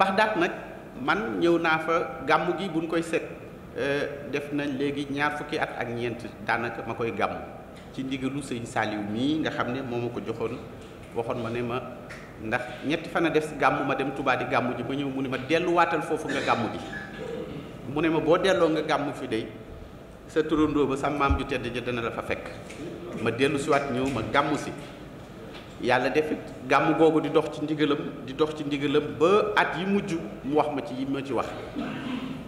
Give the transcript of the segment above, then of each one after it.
Baxdaat nag man ñëw naa fa gàmm gi buñ koy set euh, def nañ léegi ñaar fukki at ak ñeent daanaka ma koy gàmm ci ndigalu sëñ Saliou mii nga xam ne moo ma ko joxoon waxoon ma ne ma ndax ñetti fan a def gàmm ma dem tubaab di gàmm ji ba ñëw mu ne ma delluwaatal foofu nga gàmm ji mu ne ma boo delloo nga gàmmu fi dey sa turandoo ba sa maam ju tedd ja dana la fa fekk ma dellu siwaat ñëw ma gàmmu si yàlla def gàmm googu di dox ci ndigalam di dox ci ndigalam ba at yi mujj mu wax ma ci yi ma ci wax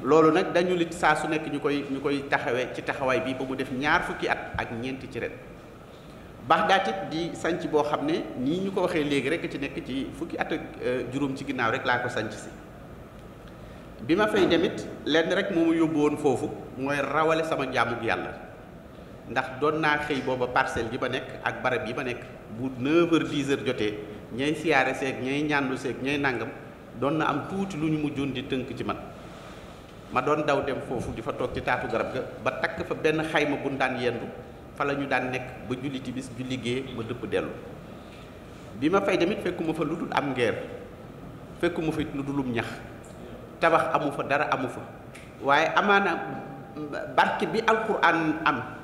loolu nag dañu lit saa su nekk ñu koy ñu koy taxawee ci taxawaay bii ba mu def ñaar fukki at ak ñeent ci ren Baxdaat it di sanc boo xam ne nii ñu ko waxee léegi rek ci nekk ci fukki at ak euh, juróom ci ginnaaw rek laa ko sanc si bi ma fay demit lenn rek moo yóbbu woon foofu mooy rawale sama njàmmug yàlla ndax doon naa xëy booba parcelle yi ba nekk ak barab yi ba nekk bu 9 heures 10 heures jotee ñay siyaare seeg ñay ñaanlu seeg ñay nàngam doon na am tuuti lu ñu mujjoon di tënk ci man ma doon daw dem foofu di fa toog ci taatu garab ga ba takk fa benn xayma bu ñu daan yendu fa la ñu daan nekk ba julli timis ju liggéey ma dëpp dellu bi ma fay tamit fekkuma fa lu dul am ngeer fekkuma fa it lu dulum ñax tabax amu fa dara amu fa waaye amaana barke bi alquran am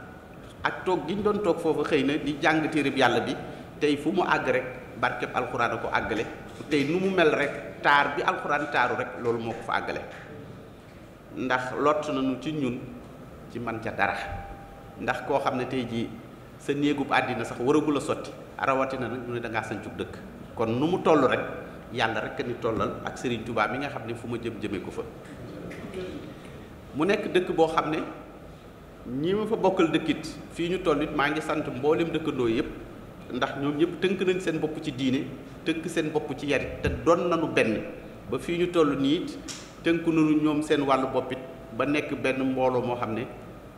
ak toog gi ñu doon toog foofu xëy na di jàng téereb yàlla bi tey fu mu àgg rek barkeb alxuraan a ko àggale tey nu mu mel rek taar bi alxuraan taaru rek loolu moo ko fa àggale ndax lott nañu ci ñun ci man ca dara ndax koo xam ne tey jii sa néegub àddina sax waragul a sotti rawatina nag ñu ne da dëkk kon nu mu toll rek yàlla rek ni tollal ak Serigne Touba mi nga xam ne fu ma jëm jëmee ko fa mu nekk dëkk boo xam ne. ñii ma fa bokkal dëkkit fii ñu toll it maa ngi sant mboolem dëkkandoo yëpp ndax ñoom ñëpp tënk nañ seen bopp ci diine tënk seen bopp ci yarit te doon nañu benn ba fii ñu toll nii it tënk nañu ñoom seen wàllu boppit ba nekk benn mbooloo moo xam ne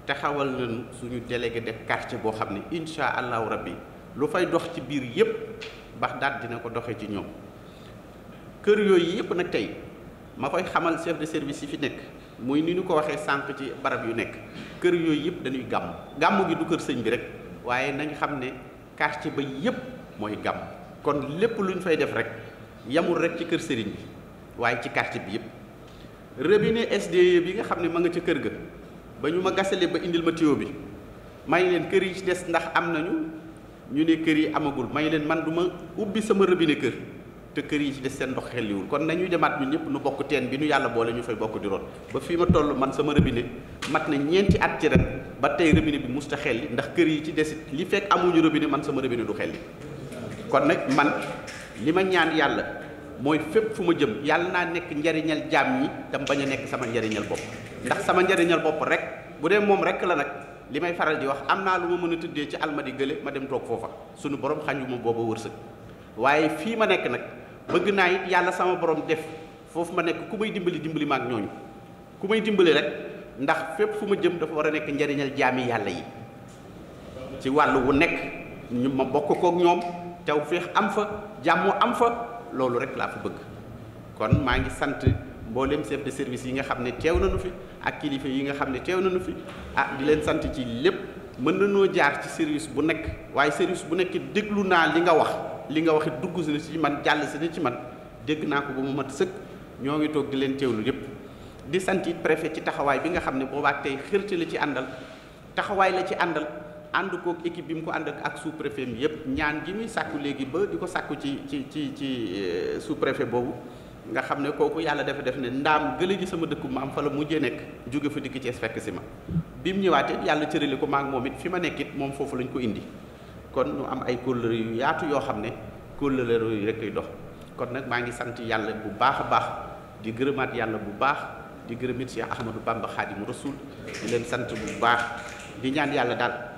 taxawal nañu suñu délégué de quartier boo xam ne incha allahu rabbi lu fay dox ci biir yëpp bax daat dina ko doxee ci ñoom kër yooyu yëpp nag tey ma koy xamal chef de service yi fi nekk muy ni ñu ko waxee sànq ci barab yu nekk kër yooyu yëpp dañuy gàmm gàmm gi du kër sëñ bi rek waaye nañ xam ne quartier ba yëpp mooy gàmm kon lépp lu ñu fay def rek yamul rek ci kër sëriñ bi waaye ci quartier bi yëpp robinet SDE bi nga xam ne ma nga ca kër ga ba ñu ma gasalee ba indil ma tuyau bi may leen kër yi ci des ndax am nañu ñu ne kër yi amagul may leen man du ma ubbi sama robinet kër te kër yi ci des seen ndox xelliwul kon nañu demaat ñun ñëpp nu bokk teen bi nu yàlla boole ñu fay bokk di root ba fii ma tollu man sama robinet mat na ñeenti at ci ba tey robinet bi musta xelli ndax kër yi ci des li fekk amuñu robinet man sama robinet du xelli kon nag man li ma ñaan yàlla mooy fépp fu ma jëm yàlla naa nekk njariñal jaam yi tam bañ a nekk sama njariñal bopp ndax sama njariñal bopp rek bu dee moom rek la nag li may faral di wax am naa lu ma mën a tëddee ci almadi gële ma dem toog foofa borom xañu ma booba wërsëg waaye fii bëgg naa it yàlla sama borom def foofu ma nekk ku may dimbali dimbali ma ñooñu ku may dimbali rek ndax fépp fu ma jëm dafa war a nekk njariñal jaami yàlla yi ci wàll wu nekk ñu ma bokk ak ñoom taw feex am fa jàmm am fa loolu rek laa fa bëgg kon maa ngi sant mboolem chef de service yi nga xam ne teew na nañu fi ak kilifa yi nga xam ne teew na nañu fi ah di leen sant ci lépp mën nañoo jaar ci service bu nekk waaye service bu nekk déglu naa li nga wax li nga waxit dugg si na ci man jàll si na ci man dégg naa ko ba mu mat sëkk ñoo ngi toog di leen teewlu yépp di sant it ci taxawaay bi nga xam ne boobaat tey xërte la ci àndal taxawaay la ci àndal ànd koog équipe bi mu ko ànd ak sous préfet mi gi muy sàkku léegi ba di ko sàkku ci ci ci ci euh, sous préfet boobu nga xam ne kooku yàlla dafa def ne ndaam gële gi sama dëkku maam am fa la mujjee nekk jóge fa dikk Cees fekk si ma bi mu ñëwaatee yàlla cërale ko maa moom it fi ma nekk moom foofu lañ ko indi kon ñu am ay kóllëre yu yaatu yoo xam ne kóllëre yooyu rek koy dox kon nag maa ngi sant yàlla bu baax a baax di gërëmaat yàlla bu baax di gërëmit Cheikh Ahmadou Bamba Khadimu Rasoul di leen sant bu baax di ñaan yàlla daal